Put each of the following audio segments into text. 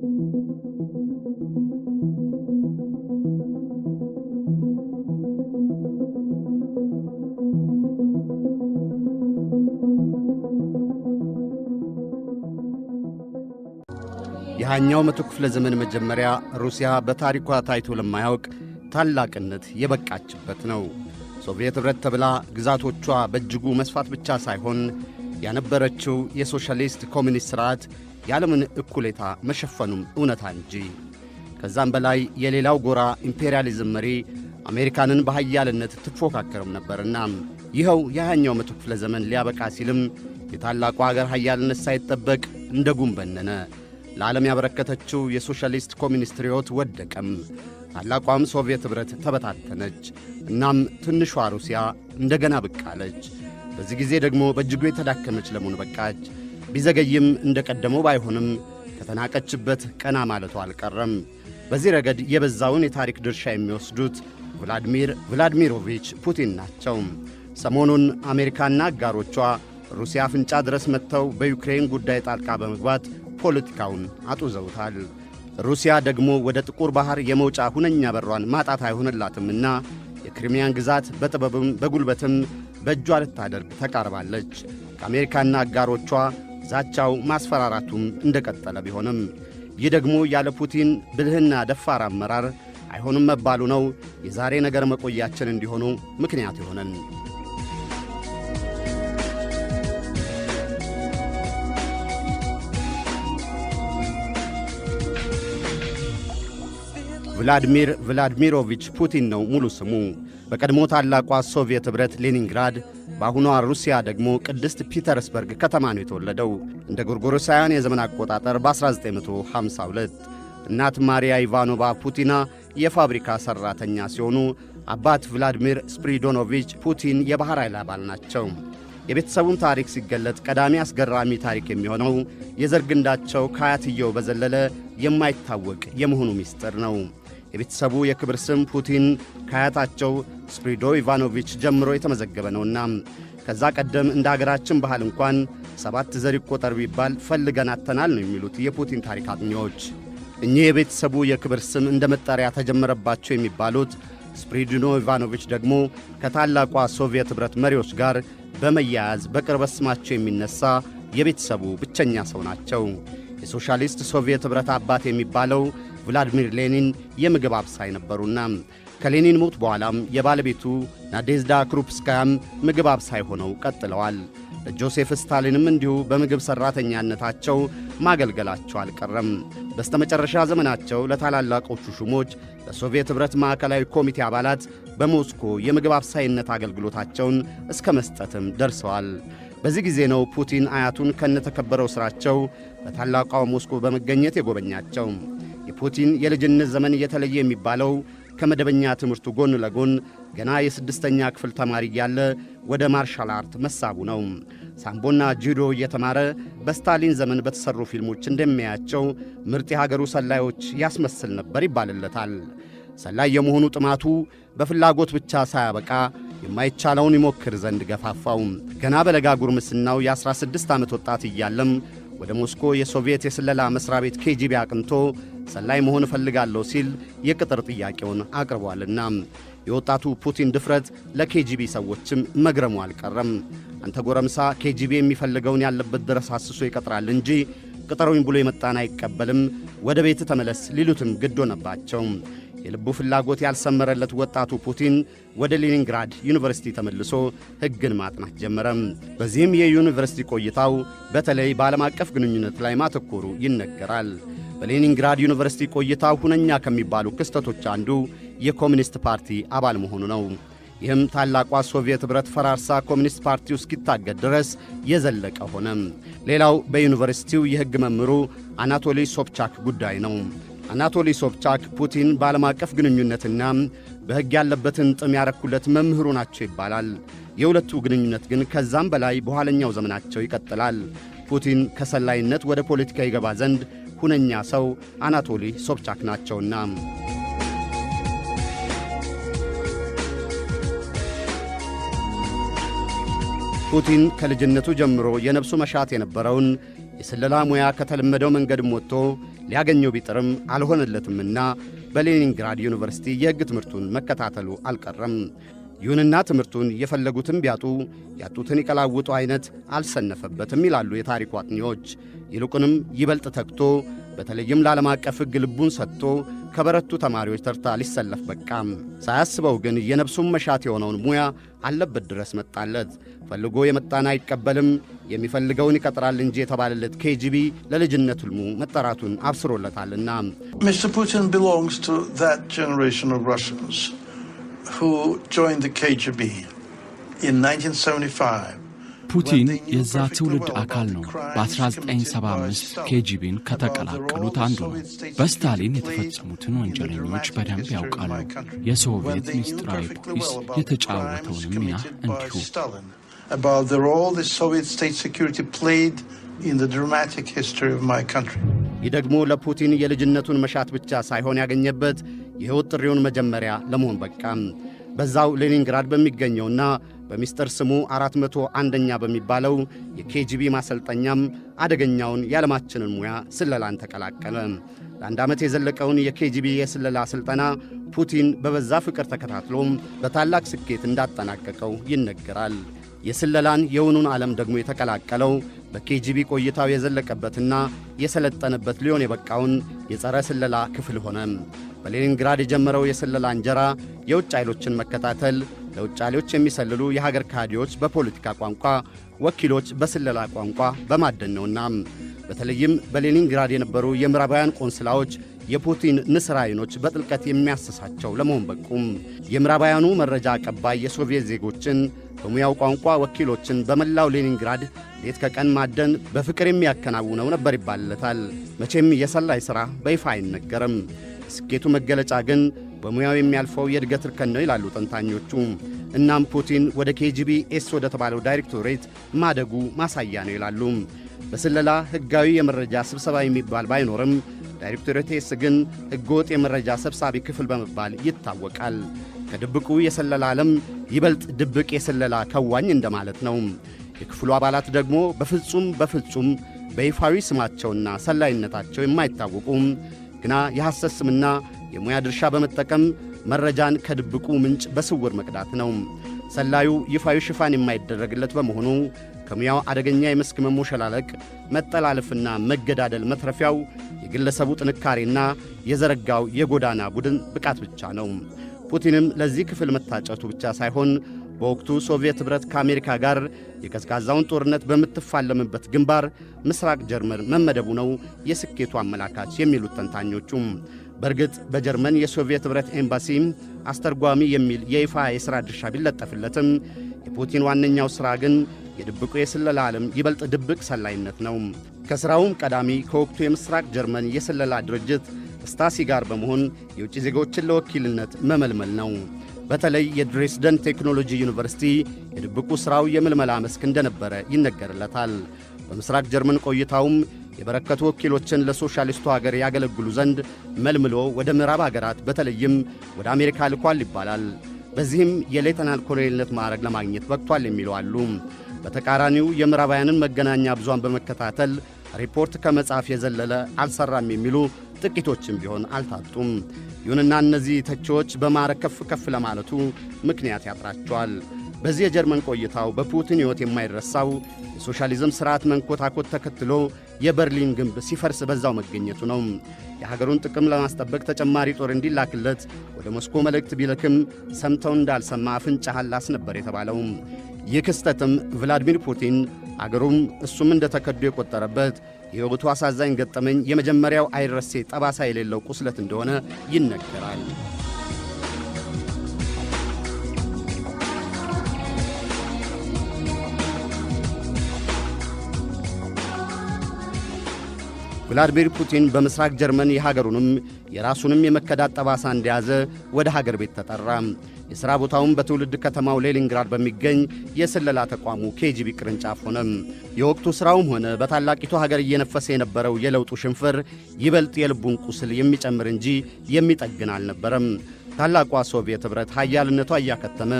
የሃያኛው መቶ ክፍለ ዘመን መጀመሪያ ሩሲያ በታሪኳ ታይቶ ለማያውቅ ታላቅነት የበቃችበት ነው። ሶቪየት ኅብረት ተብላ ግዛቶቿ በእጅጉ መስፋት ብቻ ሳይሆን ያነበረችው የሶሻሊስት ኮሚኒስት ሥርዓት የዓለምን እኩሌታ መሸፈኑም እውነታ እንጂ ከዛም በላይ የሌላው ጎራ ኢምፔሪያሊዝም መሪ አሜሪካንን በኃያልነት ትፎካከርም ነበርና ይኸው የሃያኛው መቶ ክፍለ ዘመን ሊያበቃ ሲልም የታላቁ አገር ኃያልነት ሳይጠበቅ እንደ ጉም በነነ። ለዓለም ያበረከተችው የሶሻሊስት ኮሚኒስት ርዮት ወደቀም። ታላቋም ሶቪየት ኅብረት ተበታተነች። እናም ትንሿ ሩሲያ እንደገና ብቅ አለች። በዚህ ጊዜ ደግሞ በእጅጉ የተዳከመች ለመሆን በቃች። ቢዘገይም እንደቀደመው ባይሆንም ከተናቀችበት ቀና ማለቱ አልቀረም። በዚህ ረገድ የበዛውን የታሪክ ድርሻ የሚወስዱት ቭላድሚር ቭላድሚሮቪች ፑቲን ናቸው። ሰሞኑን አሜሪካና አጋሮቿ ሩሲያ አፍንጫ ድረስ መጥተው በዩክሬን ጉዳይ ጣልቃ በመግባት ፖለቲካውን አጡዘውታል። ሩሲያ ደግሞ ወደ ጥቁር ባህር የመውጫ ሁነኛ በሯን ማጣት አይሆንላትምና የክሪሚያን ግዛት በጥበብም በጉልበትም በእጇ ልታደርግ ተቃርባለች። ከአሜሪካና አጋሮቿ ዛቻው ማስፈራራቱም እንደቀጠለ ቢሆንም ይህ ደግሞ ያለ ፑቲን ብልህና ደፋር አመራር አይሆንም መባሉ ነው የዛሬ ነገር መቆያችን እንዲሆኑ ምክንያት ይሆነን። ቭላድሚር ቭላድሚሮቪች ፑቲን ነው ሙሉ ስሙ። በቀድሞ ታላቋ ሶቪየት ኅብረት ሌኒንግራድ በአሁኗ ሩሲያ ደግሞ ቅድስት ፒተርስበርግ ከተማ ነው የተወለደው እንደ ጎርጎሮሳውያን የዘመን አቆጣጠር በ1952። እናት ማሪያ ኢቫኖቫ ፑቲና የፋብሪካ ሠራተኛ ሲሆኑ አባት ቭላዲሚር ስፕሪዶኖቪች ፑቲን የባሕር ኃይል አባል ናቸው። የቤተሰቡን ታሪክ ሲገለጥ ቀዳሚ አስገራሚ ታሪክ የሚሆነው የዘር ግንዳቸው ከአያትየው በዘለለ የማይታወቅ የመሆኑ ምስጢር ነው። የቤተሰቡ የክብር ስም ፑቲን ከአያታቸው ስፕሪዶ ኢቫኖቪች ጀምሮ የተመዘገበ ነውና ከዛ ቀደም እንደ አገራችን ባህል እንኳን ሰባት ዘር ይቆጠር ቢባል ፈልገን አተናል ነው የሚሉት የፑቲን ታሪክ አጥኚዎች። እኚህ የቤተሰቡ የክብር ስም እንደ መጠሪያ ተጀመረባቸው የሚባሉት ስፕሪድኖ ኢቫኖቪች ደግሞ ከታላቋ ሶቪየት ኅብረት መሪዎች ጋር በመያያዝ በቅርበት ስማቸው የሚነሳ የቤተሰቡ ብቸኛ ሰው ናቸው። የሶሻሊስት ሶቪየት ኅብረት አባት የሚባለው የቭላዲሚር ሌኒን የምግብ አብሳይ ነበሩና ከሌኒን ሞት በኋላም የባለቤቱ ናዴዝዳ ክሩፕስካያም ምግብ አብሳይ ሆነው ቀጥለዋል። ጆሴፍ ስታሊንም እንዲሁ በምግብ ሠራተኛነታቸው ማገልገላቸው አልቀረም። በስተመጨረሻ ዘመናቸው ለታላላቆቹ ሹሞች ለሶቪየት ኅብረት ማዕከላዊ ኮሚቴ አባላት በሞስኮ የምግብ አብሳይነት አገልግሎታቸውን እስከ መስጠትም ደርሰዋል። በዚህ ጊዜ ነው ፑቲን አያቱን ከነተከበረው ሥራቸው በታላቋ ሞስኮ በመገኘት የጎበኛቸው። የፑቲን የልጅነት ዘመን የተለየ የሚባለው ከመደበኛ ትምህርቱ ጎን ለጎን ገና የስድስተኛ ክፍል ተማሪ እያለ ወደ ማርሻል አርት መሳቡ ነው። ሳምቦና ጁዶ እየተማረ በስታሊን ዘመን በተሠሩ ፊልሞች እንደሚያያቸው ምርጥ የሀገሩ ሰላዮች ያስመስል ነበር ይባልለታል። ሰላይ የመሆኑ ጥማቱ በፍላጎት ብቻ ሳያበቃ የማይቻለውን ይሞክር ዘንድ ገፋፋው። ገና በለጋ ጉርምስናው የ16 ዓመት ወጣት እያለም ወደ ሞስኮ የሶቪየት የስለላ መሥሪያ ቤት ኬጂቢ አቅንቶ ሰላይ መሆን እፈልጋለሁ ሲል የቅጥር ጥያቄውን አቅርቧልና የወጣቱ ፑቲን ድፍረት ለኬጂቢ ሰዎችም መግረሙ አልቀረም። አንተ ጎረምሳ ኬጂቢ የሚፈልገውን ያለበት ድረስ አስሶ ይቀጥራል እንጂ ቅጠሩኝ ብሎ የመጣን አይቀበልም፣ ወደ ቤት ተመለስ ሊሉትም ግድ ሆነባቸው። የልቡ ፍላጎት ያልሰመረለት ወጣቱ ፑቲን ወደ ሌኒንግራድ ዩኒቨርሲቲ ተመልሶ ሕግን ማጥናት ጀመረም። በዚህም የዩኒቨርሲቲ ቆይታው በተለይ በዓለም አቀፍ ግንኙነት ላይ ማተኮሩ ይነገራል። በሌኒንግራድ ዩኒቨርሲቲ ቆይታው ሁነኛ ከሚባሉ ክስተቶች አንዱ የኮሚኒስት ፓርቲ አባል መሆኑ ነው። ይህም ታላቋ ሶቪየት ኅብረት ፈራርሳ ኮሚኒስት ፓርቲው እስኪታገድ ድረስ የዘለቀ ሆነ። ሌላው በዩኒቨርሲቲው የሕግ መምህሩ አናቶሊ ሶፕቻክ ጉዳይ ነው። አናቶሊ ሶብቻክ ፑቲን በዓለም አቀፍ ግንኙነትና በሕግ ያለበትን ጥም ያረኩለት መምህሩ ናቸው ይባላል። የሁለቱ ግንኙነት ግን ከዛም በላይ በኋለኛው ዘመናቸው ይቀጥላል። ፑቲን ከሰላይነት ወደ ፖለቲካ ይገባ ዘንድ ሁነኛ ሰው አናቶሊ ሶብቻክ ናቸውና ፑቲን ከልጅነቱ ጀምሮ የነፍሱ መሻት የነበረውን የስለላ ሙያ ከተለመደው መንገድም ወጥቶ ሊያገኘው ቢጥርም አልሆነለትምና በሌኒንግራድ ዩኒቨርሲቲ የሕግ ትምህርቱን መከታተሉ አልቀረም። ይሁንና ትምህርቱን የፈለጉትን ቢያጡ ያጡትን የቀላውጡ አይነት አልሰነፈበትም ይላሉ የታሪኩ አጥኚዎች። ይልቁንም ይበልጥ ተግቶ በተለይም ለዓለም አቀፍ ሕግ ልቡን ሰጥቶ ከበረቱ ተማሪዎች ተርታ ሊሰለፍ በቃም። ሳያስበው ግን የነብሱን መሻት የሆነውን ሙያ አለበት ድረስ መጣለት። ፈልጎ የመጣን አይቀበልም የሚፈልገውን ይቀጥራል እንጂ የተባለለት ኬጂቢ ለልጅነት ሕልሙ መጠራቱን አብስሮለታልና ሚስተር ፑቲን ቢሎንግስ ቱ ዛት ጀኔሬሽን ኦፍ ራሽንስ ሁ ጆይንድ ኬጂቢ ኢን 1975 ፑቲን የዛ ትውልድ አካል ነው። በ1975 ኬጂቢን ከተቀላቀሉት አንዱ ነው። በስታሊን የተፈጸሙትን ወንጀለኞች በደንብ ያውቃሉ። የሶቪየት ምስጢራዊ ፖሊስ የተጫወተውን ሚና እንዲሁ ይህ ደግሞ ለፑቲን የልጅነቱን መሻት ብቻ ሳይሆን ያገኘበት የሕይወት ጥሪውን መጀመሪያ ለመሆን በቃም። በዛው ሌኒንግራድ በሚገኘውና በሚስጥር ስሙ 401ኛ በሚባለው የኬጂቢ ማሰልጠኛም አደገኛውን የዓለማችንን ሙያ ስለላን ተቀላቀለ። ለአንድ ዓመት የዘለቀውን የኬጂቢ የስለላ ሥልጠና ፑቲን በበዛ ፍቅር ተከታትሎ በታላቅ ስኬት እንዳጠናቀቀው ይነገራል። የስለላን የውኑን ዓለም ደግሞ የተቀላቀለው በኬጂቢ ቆይታው የዘለቀበትና የሰለጠነበት ሊሆን የበቃውን የጸረ ስለላ ክፍል ሆነ። በሌኒንግራድ የጀመረው የስለላ እንጀራ የውጭ ኃይሎችን መከታተል፣ ለውጫሌዎች የሚሰልሉ የሀገር ካድሬዎች በፖለቲካ ቋንቋ፣ ወኪሎች በስለላ ቋንቋ በማደን ነውና በተለይም በሌኒንግራድ የነበሩ የምዕራባውያን ቆንስላዎች የፑቲን ንስር አይኖች በጥልቀት የሚያስሳቸው ለመሆን በቁም የምዕራባውያኑ መረጃ አቀባይ የሶቪየት ዜጎችን በሙያው ቋንቋ ወኪሎችን በመላው ሌኒንግራድ ሌት ከቀን ማደን በፍቅር የሚያከናውነው ነበር ይባልለታል። መቼም የሰላይ ሥራ በይፋ አይነገርም። የስኬቱ መገለጫ ግን በሙያው የሚያልፈው የእድገት እርከን ነው ይላሉ ተንታኞቹ። እናም ፑቲን ወደ ኬጂቢ ኤስ ወደ ተባለው ዳይሬክቶሬት ማደጉ ማሳያ ነው ይላሉ። በስለላ ሕጋዊ የመረጃ ስብሰባ የሚባል ባይኖርም ዳይሬክቶሬት ኤስ ግን ሕገወጥ የመረጃ ሰብሳቢ ክፍል በመባል ይታወቃል። ከድብቁ የስለላ ዓለም ይበልጥ ድብቅ የስለላ ከዋኝ እንደማለት ነው። የክፍሉ አባላት ደግሞ በፍጹም በፍጹም በይፋዊ ስማቸውና ሰላይነታቸው የማይታወቁም ግና የሐሰት ስምና የሙያ ድርሻ በመጠቀም መረጃን ከድብቁ ምንጭ በስውር መቅዳት ነው። ሰላዩ ይፋዊ ሽፋን የማይደረግለት በመሆኑ ከሙያው አደገኛ የመስክ መሞሸላለቅ፣ መጠላለፍና መገዳደል መትረፊያው የግለሰቡ ጥንካሬና የዘረጋው የጎዳና ቡድን ብቃት ብቻ ነው። ፑቲንም ለዚህ ክፍል መታጨቱ ብቻ ሳይሆን በወቅቱ ሶቪየት ኅብረት ከአሜሪካ ጋር የቀዝቃዛውን ጦርነት በምትፋለምበት ግንባር ምስራቅ ጀርመን መመደቡ ነው የስኬቱ አመላካች የሚሉት ተንታኞቹም። በእርግጥ በጀርመን የሶቪየት ኅብረት ኤምባሲ አስተርጓሚ የሚል የይፋ የሥራ ድርሻ ቢለጠፍለትም የፑቲን ዋነኛው ሥራ ግን የድብቁ የስለላ ዓለም ይበልጥ ድብቅ ሰላይነት ነው። ከሥራውም ቀዳሚ ከወቅቱ የምሥራቅ ጀርመን የስለላ ድርጅት ስታሲ ጋር በመሆን የውጭ ዜጎችን ለወኪልነት መመልመል ነው። በተለይ የድሬስደን ቴክኖሎጂ ዩኒቨርሲቲ የድብቁ ሥራው የምልመላ መስክ እንደነበረ ይነገርለታል። በምሥራቅ ጀርመን ቆይታውም የበረከቱ ወኪሎችን ለሶሻሊስቱ አገር ያገለግሉ ዘንድ መልምሎ ወደ ምዕራብ አገራት በተለይም ወደ አሜሪካ ልኳል ይባላል። በዚህም የሌተናል ኮሎኔልነት ማዕረግ ለማግኘት በቅቷል የሚለው አሉ። በተቃራኒው የምዕራባውያንን መገናኛ ብዙን በመከታተል ሪፖርት ከመጻፍ የዘለለ አልሠራም የሚሉ ጥቂቶችም ቢሆን አልታጡም። ይሁንና እነዚህ ተቺዎች በማረ ከፍ ከፍ ለማለቱ ምክንያት ያጥራቸዋል። በዚህ የጀርመን ቆይታው በፑቲን ሕይወት የማይረሳው የሶሻሊዝም ሥርዓት መንኮታኮት ተከትሎ የበርሊን ግንብ ሲፈርስ በዛው መገኘቱ ነው። የሀገሩን ጥቅም ለማስጠበቅ ተጨማሪ ጦር እንዲላክለት ወደ ሞስኮ መልእክት ቢልክም ሰምተው እንዳልሰማ አፍንጫ ሐላስ ነበር የተባለው። ይህ ክስተትም ቭላዲሚር ፑቲን አገሩም እሱም እንደተከዱ የቆጠረበት የወቅቱ አሳዛኝ ገጠመኝ የመጀመሪያው አይረሴ ጠባሳ የሌለው ቁስለት እንደሆነ ይነገራል። ቭላድሚር ፑቲን በምስራቅ ጀርመን የሀገሩንም የራሱንም የመከዳት ጠባሳ እንደያዘ ወደ ሀገር ቤት ተጠራ። የሥራ ቦታውን በትውልድ ከተማው ሌሊንግራድ በሚገኝ የስለላ ተቋሙ ኬጂቢ ቅርንጫፍ ሆነም። የወቅቱ ሥራውም ሆነ በታላቂቱ ሀገር እየነፈሰ የነበረው የለውጡ ሽንፍር ይበልጥ የልቡን ቁስል የሚጨምር እንጂ የሚጠግን አልነበረም። ታላቋ ሶቪየት ኅብረት ኃያልነቷ እያከተመ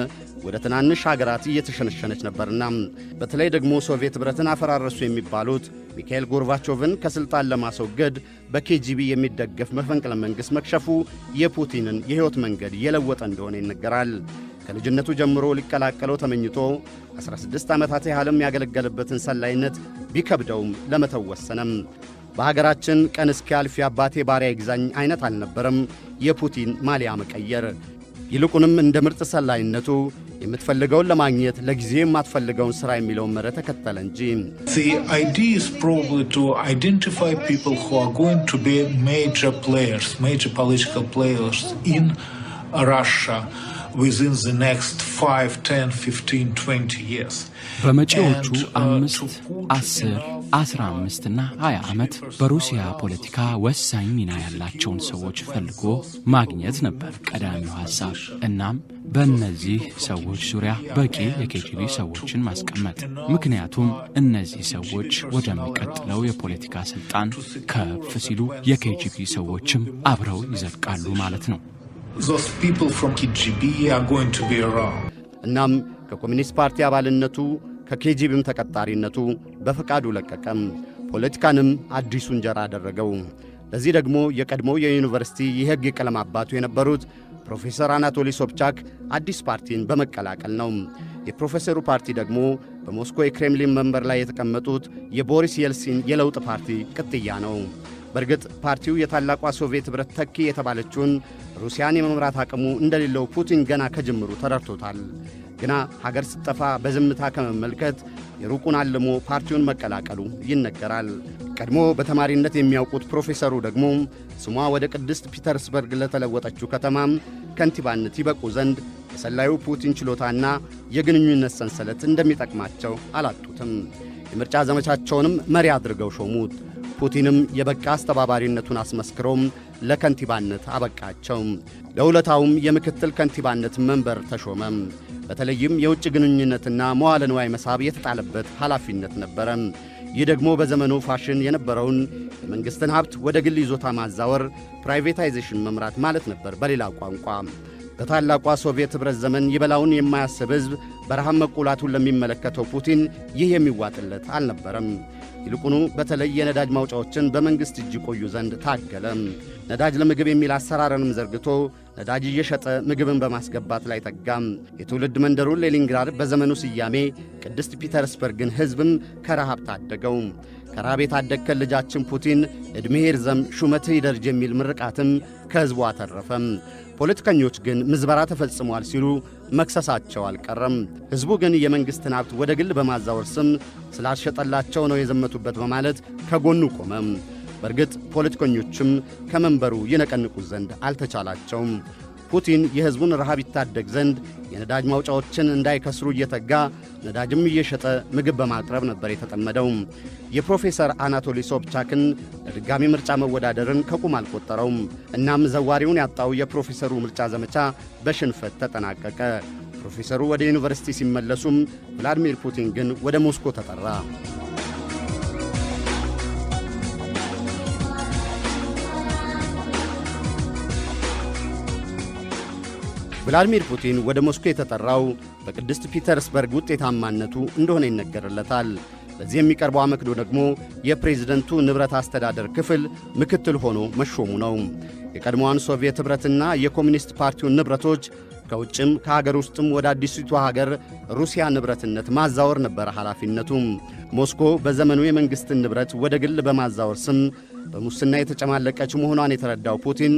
ወደ ትናንሽ አገራት እየተሸነሸነች ነበርና በተለይ ደግሞ ሶቪየት ኅብረትን አፈራረሱ የሚባሉት ሚካኤል ጎርባቾቭን ከሥልጣን ለማስወገድ በኬጂቢ የሚደገፍ መፈንቅለ መንግሥት መክሸፉ የፑቲንን የሕይወት መንገድ የለወጠ እንደሆነ ይነገራል። ከልጅነቱ ጀምሮ ሊቀላቀለው ተመኝቶ 16 ዓመታት ያህልም ያገለገለበትን ሰላይነት ቢከብደውም ለመተው ወሰነም። በሀገራችን ቀን እስኪያልፍ የአባቴ ባሪያ ይግዛኝ አይነት አልነበረም የፑቲን ማሊያ መቀየር። ይልቁንም እንደ ምርጥ ሰላይነቱ የምትፈልገውን ለማግኘት ለጊዜ የማትፈልገውን ሥራ የሚለውን መረ ተከተለ እንጂ በመጪዎቹ uh, አምስት አስር 15 እና 20 ዓመት በሩሲያ ፖለቲካ ወሳኝ ሚና ያላቸውን ሰዎች ፈልጎ ማግኘት ነበር ቀዳሚው ሐሳብ። እናም በእነዚህ ሰዎች ዙሪያ በቂ የኬጂቢ ሰዎችን ማስቀመጥ፣ ምክንያቱም እነዚህ ሰዎች ወደሚቀጥለው የፖለቲካ ስልጣን ከፍ ሲሉ የኬጂቢ ሰዎችም አብረው ይዘልቃሉ ማለት ነው። እናም ከኮሚኒስት ፓርቲ አባልነቱ ከኬጂቢም ተቀጣሪነቱ በፈቃዱ ለቀቀም። ፖለቲካንም አዲሱ እንጀራ አደረገው። ለዚህ ደግሞ የቀድሞው የዩኒቨርሲቲ የሕግ ቀለም አባቱ የነበሩት ፕሮፌሰር አናቶሊ ሶብቻክ አዲስ ፓርቲን በመቀላቀል ነው። የፕሮፌሰሩ ፓርቲ ደግሞ በሞስኮ የክሬምሊን መንበር ላይ የተቀመጡት የቦሪስ የልሲን የለውጥ ፓርቲ ቅጥያ ነው። በእርግጥ ፓርቲው የታላቋ ሶቪየት ኅብረት ተኪ የተባለችውን ሩሲያን የመምራት አቅሙ እንደሌለው ፑቲን ገና ከጅምሩ ተረድቶታል። ግና ሀገር ስትጠፋ በዝምታ ከመመልከት የሩቁን አልሞ ፓርቲውን መቀላቀሉ ይነገራል። ቀድሞ በተማሪነት የሚያውቁት ፕሮፌሰሩ ደግሞ ስሟ ወደ ቅድስት ፒተርስበርግ ለተለወጠችው ከተማም ከንቲባነት ይበቁ ዘንድ የሰላዩ ፑቲን ችሎታና የግንኙነት ሰንሰለት እንደሚጠቅማቸው አላጡትም። የምርጫ ዘመቻቸውንም መሪ አድርገው ሾሙት። ፑቲንም የበቃ አስተባባሪነቱን አስመስክሮም ለከንቲባነት አበቃቸው። ለውለታውም የምክትል ከንቲባነት መንበር ተሾመም። በተለይም የውጭ ግንኙነትና መዋለ ንዋይ መሳብ የተጣለበት ኃላፊነት ነበረ። ይህ ደግሞ በዘመኑ ፋሽን የነበረውን የመንግሥትን ሀብት ወደ ግል ይዞታ ማዛወር ፕራይቬታይዜሽን መምራት ማለት ነበር በሌላ ቋንቋ። በታላቋ ሶቪየት ኅብረት ዘመን ይበላውን የማያስብ ሕዝብ በረሃብ መቆላቱን ለሚመለከተው ፑቲን ይህ የሚዋጥለት አልነበረም። ይልቁኑ በተለይ የነዳጅ ማውጫዎችን በመንግሥት እጅ ቆዩ ዘንድ ታገለም። ነዳጅ ለምግብ የሚል አሰራርንም ዘርግቶ ነዳጅ እየሸጠ ምግብን በማስገባት ላይ ተጋም። የትውልድ መንደሩ ሌኒንግራድ በዘመኑ ስያሜ ቅድስት ፒተርስበርግን ሕዝብም ከረሃብ ታደገው። ከረሃብ የታደግከን ልጃችን ፑቲን ዕድሜ ይርዘም ሹመትህ ይደርጅ የሚል ምርቃትም ከሕዝቡ አተረፈም። ፖለቲከኞች ግን ምዝበራ ተፈጽሟል ሲሉ መክሰሳቸው አልቀረም። ሕዝቡ ግን የመንግሥትን ሀብት ወደ ግል በማዛወር ስም ስላልሸጠላቸው ነው የዘመቱበት በማለት ከጎኑ ቆመም። በእርግጥ ፖለቲከኞችም ከመንበሩ የነቀንቁ ዘንድ አልተቻላቸውም። ፑቲን የሕዝቡን ረሃብ ይታደግ ዘንድ የነዳጅ ማውጫዎችን እንዳይከስሩ እየተጋ ነዳጅም እየሸጠ ምግብ በማቅረብ ነበር የተጠመደው። የፕሮፌሰር አናቶሊ ሶብቻክን ለድጋሚ ምርጫ መወዳደርን ከቁም አልቆጠረውም። እናም ዘዋሪውን ያጣው የፕሮፌሰሩ ምርጫ ዘመቻ በሽንፈት ተጠናቀቀ። ፕሮፌሰሩ ወደ ዩኒቨርሲቲ ሲመለሱም ቭላዲሚር ፑቲን ግን ወደ ሞስኮ ተጠራ። ቭላዲሚር ፑቲን ወደ ሞስኮ የተጠራው በቅድስት ፒተርስበርግ ውጤታማነቱ እንደሆነ ይነገርለታል። በዚህ የሚቀርበው አመክዶ ደግሞ የፕሬዝደንቱ ንብረት አስተዳደር ክፍል ምክትል ሆኖ መሾሙ ነው። የቀድሞዋን ሶቪየት ኅብረትና የኮሚኒስት ፓርቲውን ንብረቶች ከውጭም ከሀገር ውስጥም ወደ አዲሲቷ ሀገር ሩሲያ ንብረትነት ማዛወር ነበረ ኃላፊነቱም። ሞስኮ በዘመኑ የመንግሥትን ንብረት ወደ ግል በማዛወር ስም በሙስና የተጨማለቀች መሆኗን የተረዳው ፑቲን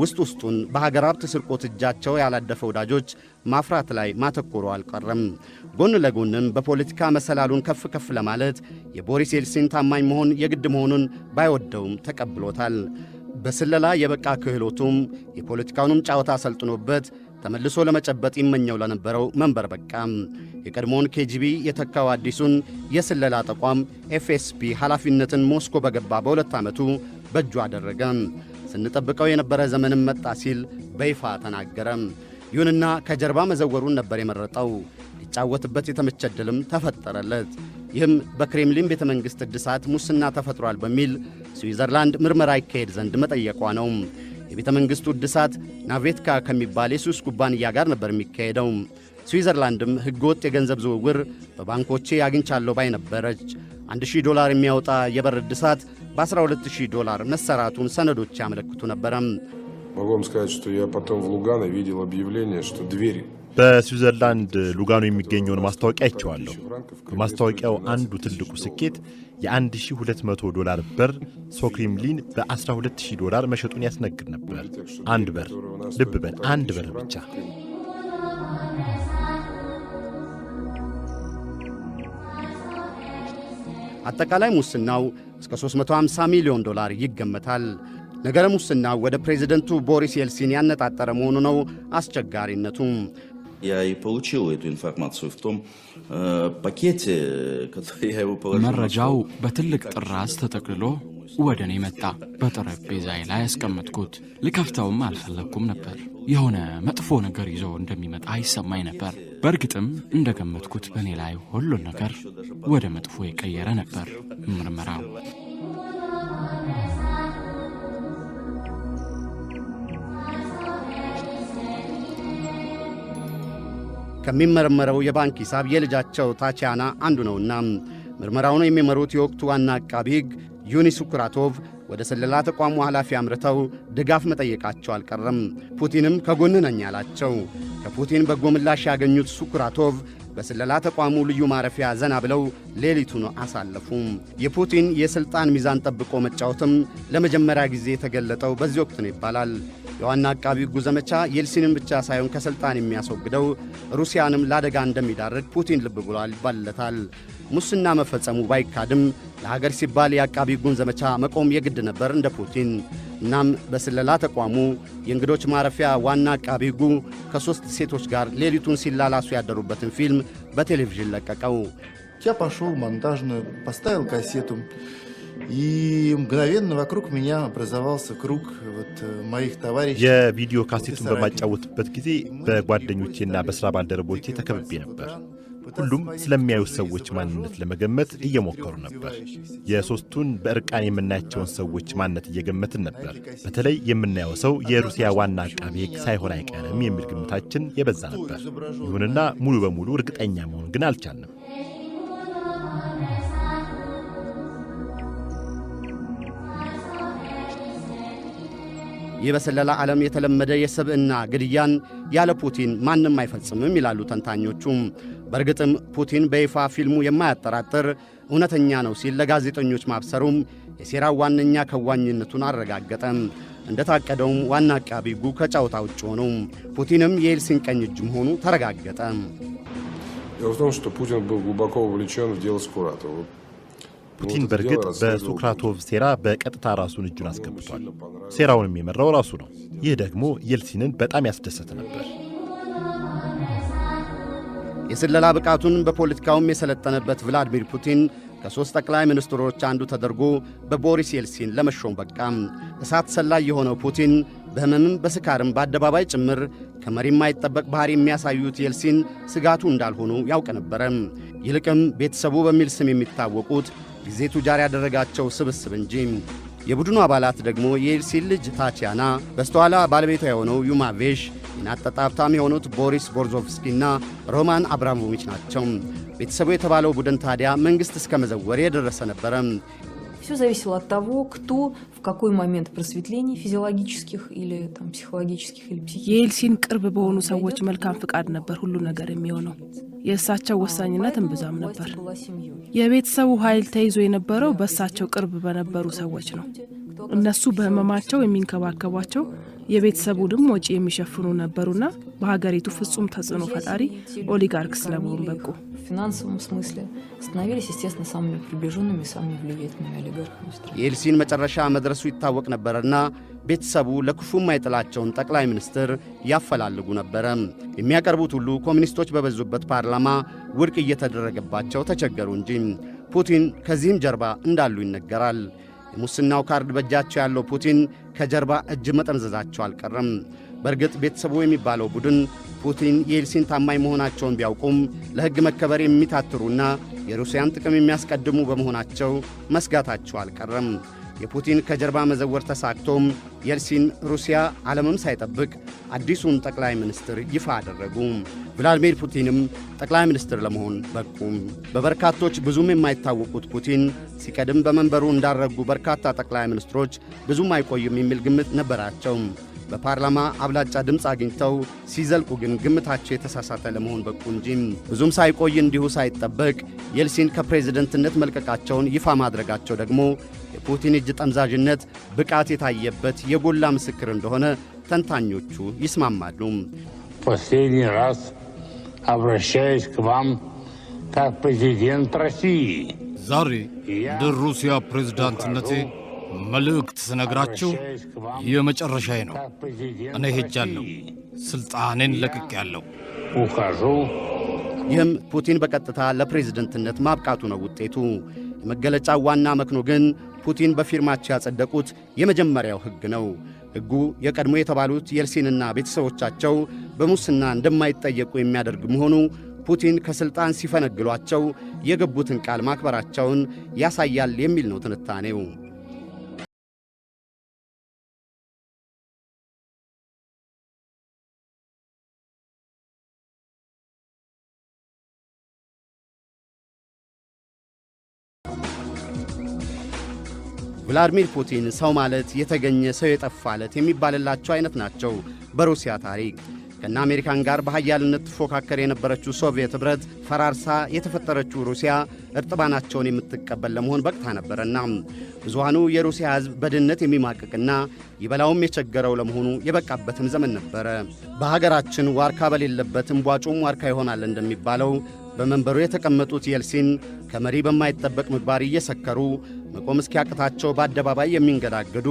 ውስጥ ውስጡን በሀገር ሀብት ስርቆት እጃቸው ያላደፈ ወዳጆች ማፍራት ላይ ማተኮሩ አልቀረም። ጎን ለጎንም በፖለቲካ መሰላሉን ከፍ ከፍ ለማለት የቦሪስ ኤልሲን ታማኝ መሆን የግድ መሆኑን ባይወደውም ተቀብሎታል። በስለላ የበቃ ክህሎቱም የፖለቲካውንም ጨዋታ ሰልጥኖበት ተመልሶ ለመጨበጥ ይመኘው ለነበረው መንበር በቃም። የቀድሞውን ኬጂቢ የተካው አዲሱን የስለላ ተቋም ኤፍኤስፒ ኃላፊነትን ሞስኮ በገባ በሁለት ዓመቱ በእጁ አደረገ። ስንጠብቀው የነበረ ዘመንም መጣ ሲል በይፋ ተናገረም። ይሁንና ከጀርባ መዘወሩን ነበር የመረጠው። ሊጫወትበት የተመቸ ድልም ተፈጠረለት። ይህም በክሬምሊን ቤተ መንግሥት እድሳት ሙስና ተፈጥሯል በሚል ስዊዘርላንድ ምርመራ ይካሄድ ዘንድ መጠየቋ ነው። የቤተ መንግሥቱ እድሳት ናቬትካ ከሚባል የሱስ ኩባንያ ጋር ነበር የሚካሄደው። ስዊዘርላንድም ወጥ የገንዘብ ዝውውር በባንኮቼ አግኝቻለሁ ባይ ነበረች። 1000 ዶላር የሚያወጣ የበር ዕድሳት በ12000 ዶላር መሰራቱን ሰነዶች ያመለክቱ ነበረም። በስዊዘርላንድ ሉጋኖ የሚገኘውን ማስታወቂያ አይቼዋለሁ። በማስታወቂያው አንዱ ትልቁ ስኬት የ1200 ዶላር በር ሶክሪምሊን በ12000 ዶላር መሸጡን ያስነግር ነበር። አንድ በር፣ ልብ በል አንድ በር ብቻ። አጠቃላይ ሙስናው እስከ 350 ሚሊዮን ዶላር ይገመታል። ነገረ ሙስና ወደ ፕሬዚደንቱ ቦሪስ የልሲን ያነጣጠረ መሆኑ ነው አስቸጋሪነቱ። э, መረጃው በትልቅ ጥራዝ ተጠቅልሎ ወደ እኔ መጣ። በጠረጴዛዬ ላይ ያስቀመጥኩት። ልከፍተውም አልፈለግኩም ነበር። የሆነ መጥፎ ነገር ይዞ እንደሚመጣ ይሰማኝ ነበር። በእርግጥም እንደገመትኩት በእኔ ላይ ሁሉን ነገር ወደ መጥፎ የቀየረ ነበር ምርመራው። ከሚመረመረው የባንክ ሂሳብ የልጃቸው ታቺያና አንዱ ነውና ምርመራውን የሚመሩት የወቅቱ ዋና አቃቢ ሕግ ዩኒስ ኩራቶቭ ወደ ስለላ ተቋሙ ኃላፊ አምርተው ድጋፍ መጠየቃቸው አልቀረም። ፑቲንም ከጎን ነኝ አላቸው። ከፑቲን በጎ ምላሽ ያገኙት ሱኩራቶቭ በስለላ ተቋሙ ልዩ ማረፊያ ዘና ብለው ሌሊቱን አሳለፉ። የፑቲን የሥልጣን ሚዛን ጠብቆ መጫወትም ለመጀመሪያ ጊዜ የተገለጠው በዚህ ወቅት ነው ይባላል። የዋና አቃቢ ሕጉ ዘመቻ የልሲንን ብቻ ሳይሆን ከሥልጣን የሚያስወግደው ሩሲያንም ለአደጋ እንደሚዳርግ ፑቲን ልብ ብሏል ይባልለታል። ሙስና መፈጸሙ ባይካድም ለሀገር ሲባል የአቃቢ ሕጉን ዘመቻ መቆም የግድ ነበር እንደ ፑቲን። እናም በስለላ ተቋሙ የእንግዶች ማረፊያ ዋና አቃቢ ሕጉ ከሦስት ሴቶች ጋር ሌሊቱን ሲላላሱ ያደሩበትን ፊልም በቴሌቪዥን ለቀቀው። Я пошел монтажную, поставил кассету. የቪዲዮ ካሴቱን በማጫወትበት ጊዜ በጓደኞቼና በሥራ ባልደረቦቼ ተከብቤ ነበር። ሁሉም ስለሚያዩት ሰዎች ማንነት ለመገመት እየሞከሩ ነበር። የሦስቱን በእርቃን የምናያቸውን ሰዎች ማንነት እየገመትን ነበር። በተለይ የምናየው ሰው የሩሲያ ዋና አቃቤ ሕግ ሳይሆን አይቀርም የሚል ግምታችን የበዛ ነበር። ይሁንና ሙሉ በሙሉ እርግጠኛ መሆን ግን አልቻልንም። ይህ በስለላ ዓለም የተለመደ የሰብዕና ግድያን ያለ ፑቲን ማንም አይፈጽምም ይላሉ ተንታኞቹም። በእርግጥም ፑቲን በይፋ ፊልሙ የማያጠራጥር እውነተኛ ነው ሲል ለጋዜጠኞች ማብሰሩም የሴራው ዋነኛ ከዋኝነቱን አረጋገጠም። እንደታቀደውም ዋና አቃቢ ሕጉ ከጨዋታ ውጭ ሆኑ። ፑቲንም የኤልሲን ቀኝ እጅ መሆኑ ተረጋገጠ። ፑቲን በእርግጥ በሶክራቶቭ ሴራ በቀጥታ ራሱን እጁን አስገብቷል። ሴራውን የሚመራው ራሱ ነው። ይህ ደግሞ የልሲንን በጣም ያስደሰት ነበር። የስለላ ብቃቱን በፖለቲካውም የሰለጠነበት ቭላዲሚር ፑቲን ከሦስት ጠቅላይ ሚኒስትሮች አንዱ ተደርጎ በቦሪስ የልሲን ለመሾም በቃም። እሳት ሰላይ የሆነው ፑቲን በሕመምም በስካርም በአደባባይ ጭምር ከመሪ የማይጠበቅ ባሕሪ የሚያሳዩት የልሲን ስጋቱ እንዳልሆኑ ያውቅ ነበረ። ይልቅም ቤተሰቡ በሚል ስም የሚታወቁት ጊዜ ቱጃር ያደረጋቸው ስብስብ እንጂ የቡድኑ አባላት ደግሞ የኤልሲን ልጅ ታቲያና፣ በስተኋላ ባለቤቷ የሆነው ዩማ ቬሽ፣ የሆኑት ቦሪስ ቦርዞቭስኪና ሮማን አብራሞቪች ናቸው። ቤተሰቡ የተባለው ቡድን ታዲያ መንግሥት እስከ መዘወር የደረሰ ነበረ። Все зависело от того, кто в какой момент просветлений физиологических или там, психологических или психических. የኤልሲን ቅርብ በሆኑ ሰዎች መልካም ፍቃድ ነበር ሁሉ ነገር የሚሆነው። የእሳቸው ወሳኝነት እምብዛም ነበር። የቤተሰቡ ኃይል ተይዞ የነበረው በእሳቸው ቅርብ በነበሩ ሰዎች ነው። እነሱ በህመማቸው የሚንከባከቧቸው የቤተሰቡንም ወጪ የሚሸፍኑ ነበሩና በሀገሪቱ ፍጹም ተጽዕኖ ፈጣሪ ኦሊጋርክ ስለመሆን በቁ። የኤልሲን መጨረሻ መድረሱ ይታወቅ ነበርና ቤተሰቡ ለክፉ የማይጥላቸውን ጠቅላይ ሚኒስትር ያፈላልጉ ነበረ። የሚያቀርቡት ሁሉ ኮሚኒስቶች በበዙበት ፓርላማ ውድቅ እየተደረገባቸው ተቸገሩ እንጂ ፑቲን ከዚህም ጀርባ እንዳሉ ይነገራል። የሙስናው ካርድ በእጃቸው ያለው ፑቲን ከጀርባ እጅ መጠምዘዛቸው አልቀረም። በእርግጥ ቤተሰቡ የሚባለው ቡድን ፑቲን የኤልሲን ታማኝ መሆናቸውን ቢያውቁም ለሕግ መከበር የሚታትሩና የሩሲያን ጥቅም የሚያስቀድሙ በመሆናቸው መስጋታቸው አልቀረም። የፑቲን ከጀርባ መዘወር ተሳክቶም የልሲን ሩሲያ ዓለምም ሳይጠብቅ አዲሱን ጠቅላይ ሚኒስትር ይፋ አደረጉ። ቭላዲሚር ፑቲንም ጠቅላይ ሚኒስትር ለመሆን በቁም። በበርካቶች ብዙም የማይታወቁት ፑቲን ሲቀድም በመንበሩ እንዳረጉ በርካታ ጠቅላይ ሚኒስትሮች ብዙም አይቆዩም የሚል ግምት ነበራቸው። በፓርላማ አብላጫ ድምፅ አግኝተው ሲዘልቁ ግን ግምታቸው የተሳሳተ ለመሆን በቁ እንጂም ብዙም ሳይቆይ እንዲሁ ሳይጠበቅ የልሲን ከፕሬዝደንትነት መልቀቃቸውን ይፋ ማድረጋቸው ደግሞ የፑቲን እጅ ጠምዛዥነት ብቃት የታየበት የጎላ ምስክር እንደሆነ ተንታኞቹ ይስማማሉ። последний раз обращаюсь к вам как ዛሬ እንደ ሩሲያ ፕሬዝዳንትነቴ መልእክት ስነግራችሁ የመጨረሻዬ ነው። እኔ ሄጃለሁ፣ ስልጣኔን ለቅቄያለሁ። ይህም ፑቲን በቀጥታ ለፕሬዝደንትነት ማብቃቱ ነው ውጤቱ። የመገለጫው ዋና መክኖ ግን ፑቲን በፊርማቸው ያጸደቁት የመጀመሪያው ሕግ ነው። ሕጉ የቀድሞ የተባሉት የልሲንና ቤተሰቦቻቸው በሙስና እንደማይጠየቁ የሚያደርግ መሆኑ ፑቲን ከሥልጣን ሲፈነግሏቸው የገቡትን ቃል ማክበራቸውን ያሳያል የሚል ነው ትንታኔው። ቭላድሚር ፑቲን ሰው ማለት የተገኘ ሰው የጠፋለት የሚባልላቸው አይነት ናቸው። በሩሲያ ታሪክ ከነ አሜሪካን ጋር በኃያልነት ትፎካከር የነበረችው ሶቪየት ኅብረት ፈራርሳ የተፈጠረችው ሩሲያ እርጥባናቸውን የምትቀበል ለመሆን በቅታ ነበረና ብዙሃኑ የሩሲያ ሕዝብ በድህነት የሚማቅቅና ይበላውም የቸገረው ለመሆኑ የበቃበትም ዘመን ነበረ። በሀገራችን ዋርካ በሌለበት እምቧጩም ዋርካ ይሆናል እንደሚባለው በመንበሩ የተቀመጡት የልሲን ከመሪ በማይጠበቅ ምግባር እየሰከሩ መቆም እስኪያቅታቸው በአደባባይ የሚንገዳገዱ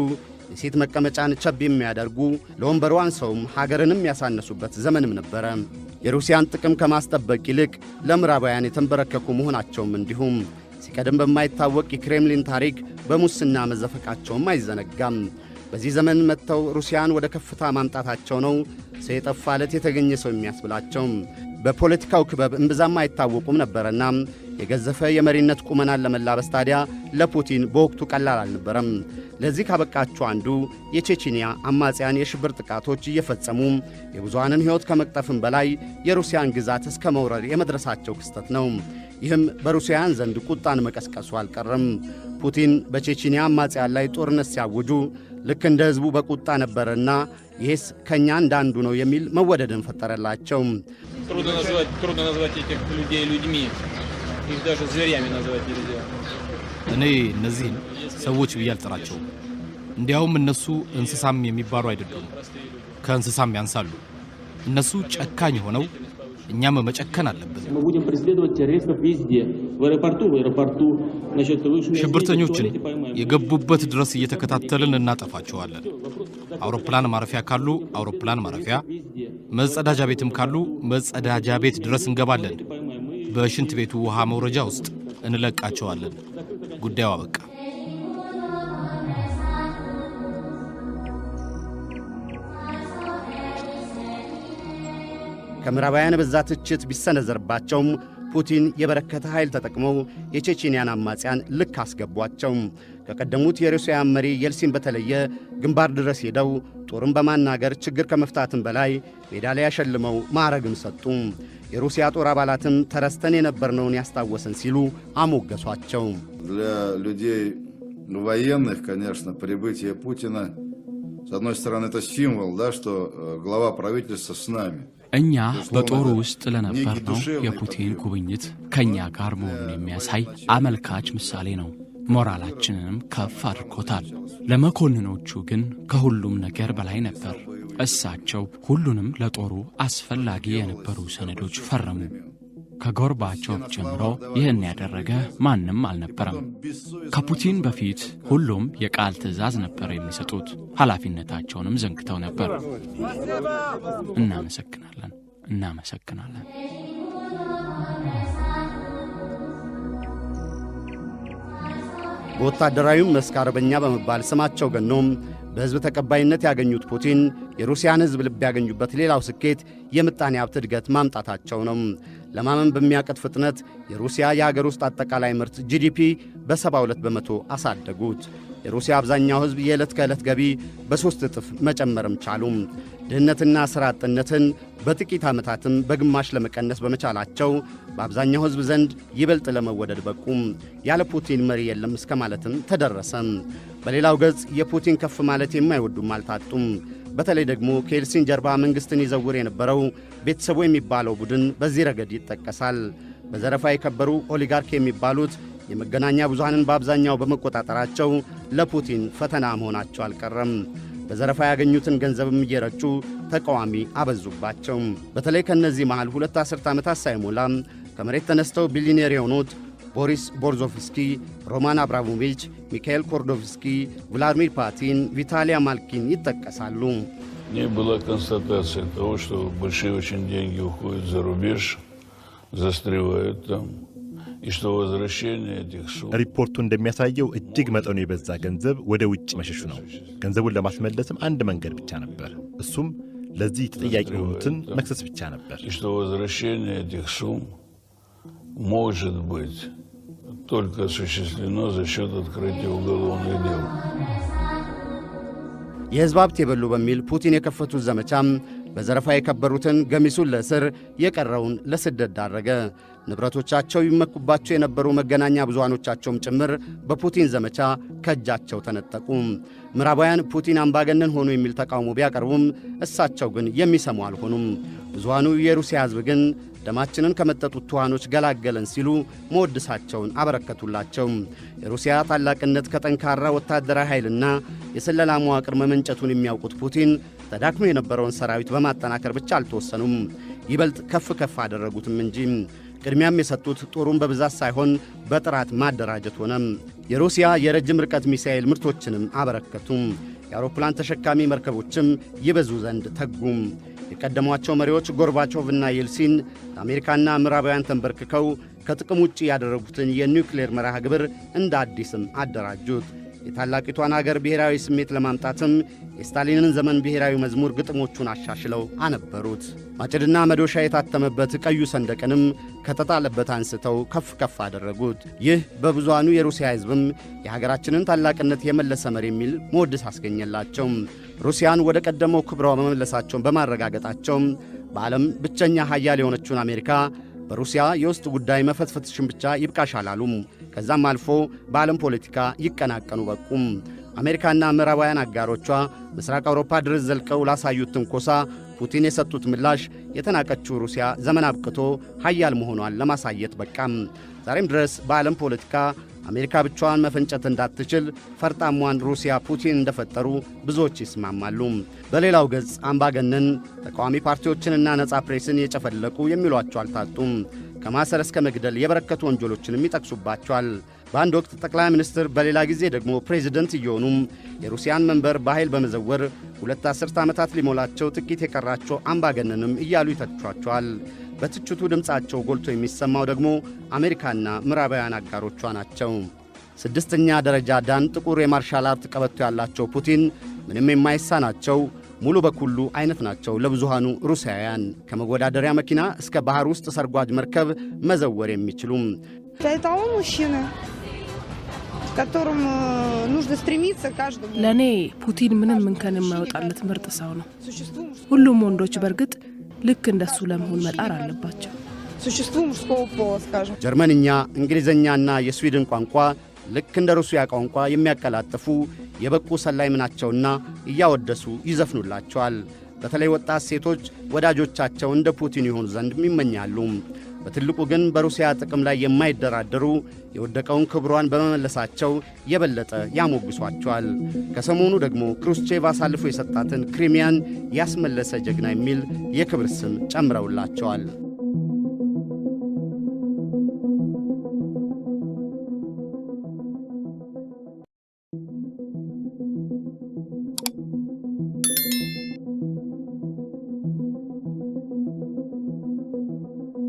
የሴት መቀመጫን ቸብ የሚያደርጉ ለወንበሯን ሰውም ሀገርንም ያሳነሱበት ዘመንም ነበረ። የሩሲያን ጥቅም ከማስጠበቅ ይልቅ ለምዕራባውያን የተንበረከኩ መሆናቸውም እንዲሁም ሲቀደም በማይታወቅ የክሬምሊን ታሪክ በሙስና መዘፈቃቸውም አይዘነጋም። በዚህ ዘመን መጥተው ሩሲያን ወደ ከፍታ ማምጣታቸው ነው ሰው የጠፋ ዕለት የተገኘ ሰው የሚያስብላቸው። በፖለቲካው ክበብ እምብዛም አይታወቁም ነበረና የገዘፈ የመሪነት ቁመናን ለመላበስ ታዲያ ለፑቲን በወቅቱ ቀላል አልነበረም። ለዚህ ካበቃቸው አንዱ የቼቼንያ አማጽያን የሽብር ጥቃቶች እየፈጸሙ የብዙሃንን ሕይወት ከመቅጠፍም በላይ የሩሲያን ግዛት እስከ መውረር የመድረሳቸው ክስተት ነው። ይህም በሩሲያውያን ዘንድ ቁጣን መቀስቀሱ አልቀረም። ፑቲን በቼቼንያ አማጽያን ላይ ጦርነት ሲያውጁ ልክ እንደ ሕዝቡ በቁጣ ነበረና ይህስ ከእኛ እንዳንዱ ነው የሚል መወደድን ፈጠረላቸው። их даже зверями нельзя። እኔ እነዚህን ሰዎች ብዬ አልጠራቸውም። እንዲያውም እነሱ እንስሳም የሚባሉ አይደሉም፣ ከእንስሳም ያንሳሉ። እነሱ ጨካኝ ሆነው እኛም መጨከን አለብን። ሽብርተኞችን የገቡበት ድረስ እየተከታተልን እናጠፋቸዋለን። አውሮፕላን ማረፊያ ካሉ አውሮፕላን ማረፊያ፣ መጸዳጃ ቤትም ካሉ መጸዳጃ ቤት ድረስ እንገባለን። በሽንት ቤቱ ውሃ መውረጃ ውስጥ እንለቃቸዋለን። ጉዳዩ አበቃ። ከምዕራባውያን በዛ ትችት ቢሰነዘርባቸውም ፑቲን የበረከተ ኃይል ተጠቅመው የቼቼንያን አማጺያን ልክ አስገቧቸው። ከቀደሙት የሩሲያን መሪ የልሲን በተለየ ግንባር ድረስ ሄደው ጦርን በማናገር ችግር ከመፍታትም በላይ ሜዳሊያ ሸልመው ማዕረግም ሰጡ። የሩሲያ ጦር አባላትም ተረስተን የነበርነውን ያስታወሰን ሲሉ አሞገሷቸው። እኛ በጦሩ ውስጥ ለነበርነው የፑቲን ጉብኝት ከእኛ ጋር መሆኑን የሚያሳይ አመልካች ምሳሌ ነው። ሞራላችንንም ከፍ አድርጎታል። ለመኮንኖቹ ግን ከሁሉም ነገር በላይ ነበር። እሳቸው ሁሉንም ለጦሩ አስፈላጊ የነበሩ ሰነዶች ፈረሙ። ከጎርባቾቭ ጀምሮ ይህን ያደረገ ማንም አልነበረም። ከፑቲን በፊት ሁሉም የቃል ትዕዛዝ ነበር የሚሰጡት፣ ኃላፊነታቸውንም ዘንግተው ነበር። እናመሰግናለን፣ እናመሰግናለን። በወታደራዊም መስክ አርበኛ በመባል ስማቸው ገኖም በሕዝብ ተቀባይነት ያገኙት ፑቲን የሩሲያን ሕዝብ ልብ ያገኙበት ሌላው ስኬት የምጣኔ ሀብት እድገት ማምጣታቸው ነው። ለማመን በሚያቀት ፍጥነት የሩሲያ የአገር ውስጥ አጠቃላይ ምርት ጂዲፒ በ72 በመቶ አሳደጉት። የሩሲያ አብዛኛው ሕዝብ የዕለት ከዕለት ገቢ በሦስት እጥፍ መጨመርም ቻሉም። ድህነትና ሥራ አጥነትን በጥቂት ዓመታትም በግማሽ ለመቀነስ በመቻላቸው በአብዛኛው ሕዝብ ዘንድ ይበልጥ ለመወደድ በቁም። ያለ ፑቲን መሪ የለም እስከ ማለትም ተደረሰም። በሌላው ገጽ የፑቲን ከፍ ማለት የማይወዱም አልታጡም። በተለይ ደግሞ ከኤልሲን ጀርባ መንግሥትን ይዘውር የነበረው ቤተሰቡ የሚባለው ቡድን በዚህ ረገድ ይጠቀሳል። በዘረፋ የከበሩ ኦሊጋርክ የሚባሉት የመገናኛ ብዙሃንን በአብዛኛው በመቆጣጠራቸው ለፑቲን ፈተና መሆናቸው አልቀረም። በዘረፋ ያገኙትን ገንዘብም እየረጩ ተቃዋሚ አበዙባቸው። በተለይ ከእነዚህ መሃል ሁለት አስርት ዓመታት ሳይሞላም ከመሬት ተነስተው ቢሊኔር የሆኑት ቦሪስ ቦርዞቭስኪ፣ ሮማን አብራሞቪች፣ ሚካኤል ኮርዶቭስኪ፣ ቭላድሚር ፓቲን፣ ቪታሊያ ማልኪን ይጠቀሳሉ። ሪፖርቱ እንደሚያሳየው እጅግ መጠኑ የበዛ ገንዘብ ወደ ውጭ መሸሹ ነው። ገንዘቡን ለማስመለስም አንድ መንገድ ብቻ ነበር፣ እሱም ለዚህ ተጠያቂ የሆኑትን መክሰስ ብቻ ነበር። የሕዝብ ሀብት የበሉ በሚል ፑቲን የከፈቱት ዘመቻም በዘረፋ የከበሩትን ገሚሱን ለእስር የቀረውን ለስደት ዳረገ። ንብረቶቻቸው ይመኩባቸው የነበሩ መገናኛ ብዙሃኖቻቸውም ጭምር በፑቲን ዘመቻ ከእጃቸው ተነጠቁ። ምዕራባውያን ፑቲን አምባገነን ሆኑ የሚል ተቃውሞ ቢያቀርቡም እሳቸው ግን የሚሰሙ አልሆኑም። ብዙሃኑ የሩሲያ ሕዝብ ግን ደማችንን ከመጠጡት ትኋኖች ገላገለን ሲሉ መወድሳቸውን አበረከቱላቸው። የሩሲያ ታላቅነት ከጠንካራ ወታደራዊ ኃይልና የስለላ መዋቅር መመንጨቱን የሚያውቁት ፑቲን ተዳክሞ የነበረውን ሰራዊት በማጠናከር ብቻ አልተወሰኑም፣ ይበልጥ ከፍ ከፍ አደረጉትም እንጂ ቅድሚያም የሰጡት ጦሩን በብዛት ሳይሆን በጥራት ማደራጀት ሆነም። የሩሲያ የረጅም ርቀት ሚሳኤል ምርቶችንም አበረከቱም። የአውሮፕላን ተሸካሚ መርከቦችም ይበዙ ዘንድ ተጉም። የቀደሟቸው መሪዎች ጎርባቾቭና የልሲን ለአሜሪካና ምዕራባውያን ተንበርክከው ከጥቅም ውጭ ያደረጉትን የኒውክሌር መርሃ ግብር እንደ አዲስም አደራጁት። የታላቂቷን አገር ብሔራዊ ስሜት ለማምጣትም የስታሊንን ዘመን ብሔራዊ መዝሙር ግጥሞቹን አሻሽለው አነበሩት። ማጭድና መዶሻ የታተመበት ቀዩ ሰንደቅንም ከተጣለበት አንስተው ከፍ ከፍ አደረጉት። ይህ በብዙሃኑ የሩሲያ ሕዝብም የሀገራችንን ታላቅነት የመለሰ መሪ የሚል መወድስ አስገኘላቸው። ሩሲያን ወደ ቀደመው ክብሯ መመለሳቸውን በማረጋገጣቸው በዓለም ብቸኛ ሀያል የሆነችውን አሜሪካ በሩሲያ የውስጥ ጉዳይ መፈትፈትሽን ብቻ ይብቃሽ አላሉም። ከዛም አልፎ በዓለም ፖለቲካ ይቀናቀኑ በቁም። አሜሪካና ምዕራባውያን አጋሮቿ ምስራቅ አውሮፓ ድረስ ዘልቀው ላሳዩት ትንኮሳ ፑቲን የሰጡት ምላሽ የተናቀችው ሩሲያ ዘመን አብቅቶ ሀያል መሆኗን ለማሳየት በቃም። ዛሬም ድረስ በዓለም ፖለቲካ አሜሪካ ብቻዋን መፈንጨት እንዳትችል ፈርጣሟን ሩሲያ ፑቲን እንደፈጠሩ ብዙዎች ይስማማሉ። በሌላው ገጽ አምባገነን ተቃዋሚ ፓርቲዎችንና ነጻ ፕሬስን የጨፈለቁ የሚሏቸው አልታጡም። ከማሰር እስከ መግደል የበረከቱ ወንጀሎችንም ይጠቅሱባቸዋል። በአንድ ወቅት ጠቅላይ ሚኒስትር፣ በሌላ ጊዜ ደግሞ ፕሬዚደንት እየሆኑም የሩሲያን መንበር በኃይል በመዘወር ሁለት አስርተ ዓመታት ሊሞላቸው ጥቂት የቀራቸው አምባገነንም እያሉ ይተቿቸዋል። በትችቱ ድምፃቸው ጎልቶ የሚሰማው ደግሞ አሜሪካና ምዕራባውያን አጋሮቿ ናቸው። ስድስተኛ ደረጃ ዳን ጥቁር የማርሻል አርት ቀበቶ ያላቸው ፑቲን ምንም የማይሳ ናቸው ሙሉ በኩሉ አይነት ናቸው። ለብዙሃኑ ሩሲያውያን ከመወዳደሪያ መኪና እስከ ባህር ውስጥ ሰርጓጅ መርከብ መዘወር የሚችሉም Э, ለእኔ ፑቲን ምንም እንከን የማይወጣለት ምርጥ ሰው ነው። ሁሉም ወንዶች በእርግጥ ልክ እንደሱ ለመሆን መጣር አለባቸው። ጀርመንኛ፣ እንግሊዝኛና የስዊድን ቋንቋ ልክ እንደ ሩሲያ ቋንቋ የሚያቀላጥፉ የበቁ ሰላይ ምናቸውና እያወደሱ ይዘፍኑላቸዋል። በተለይ ወጣት ሴቶች ወዳጆቻቸው እንደ ፑቲን ይሆኑ ዘንድ ይመኛሉ። በትልቁ ግን በሩሲያ ጥቅም ላይ የማይደራደሩ የወደቀውን ክብሯን በመመለሳቸው የበለጠ ያሞግሷቸዋል። ከሰሞኑ ደግሞ ክሩስቼቭ አሳልፎ የሰጣትን ክሪሚያን ያስመለሰ ጀግና የሚል የክብር ስም ጨምረውላቸዋል።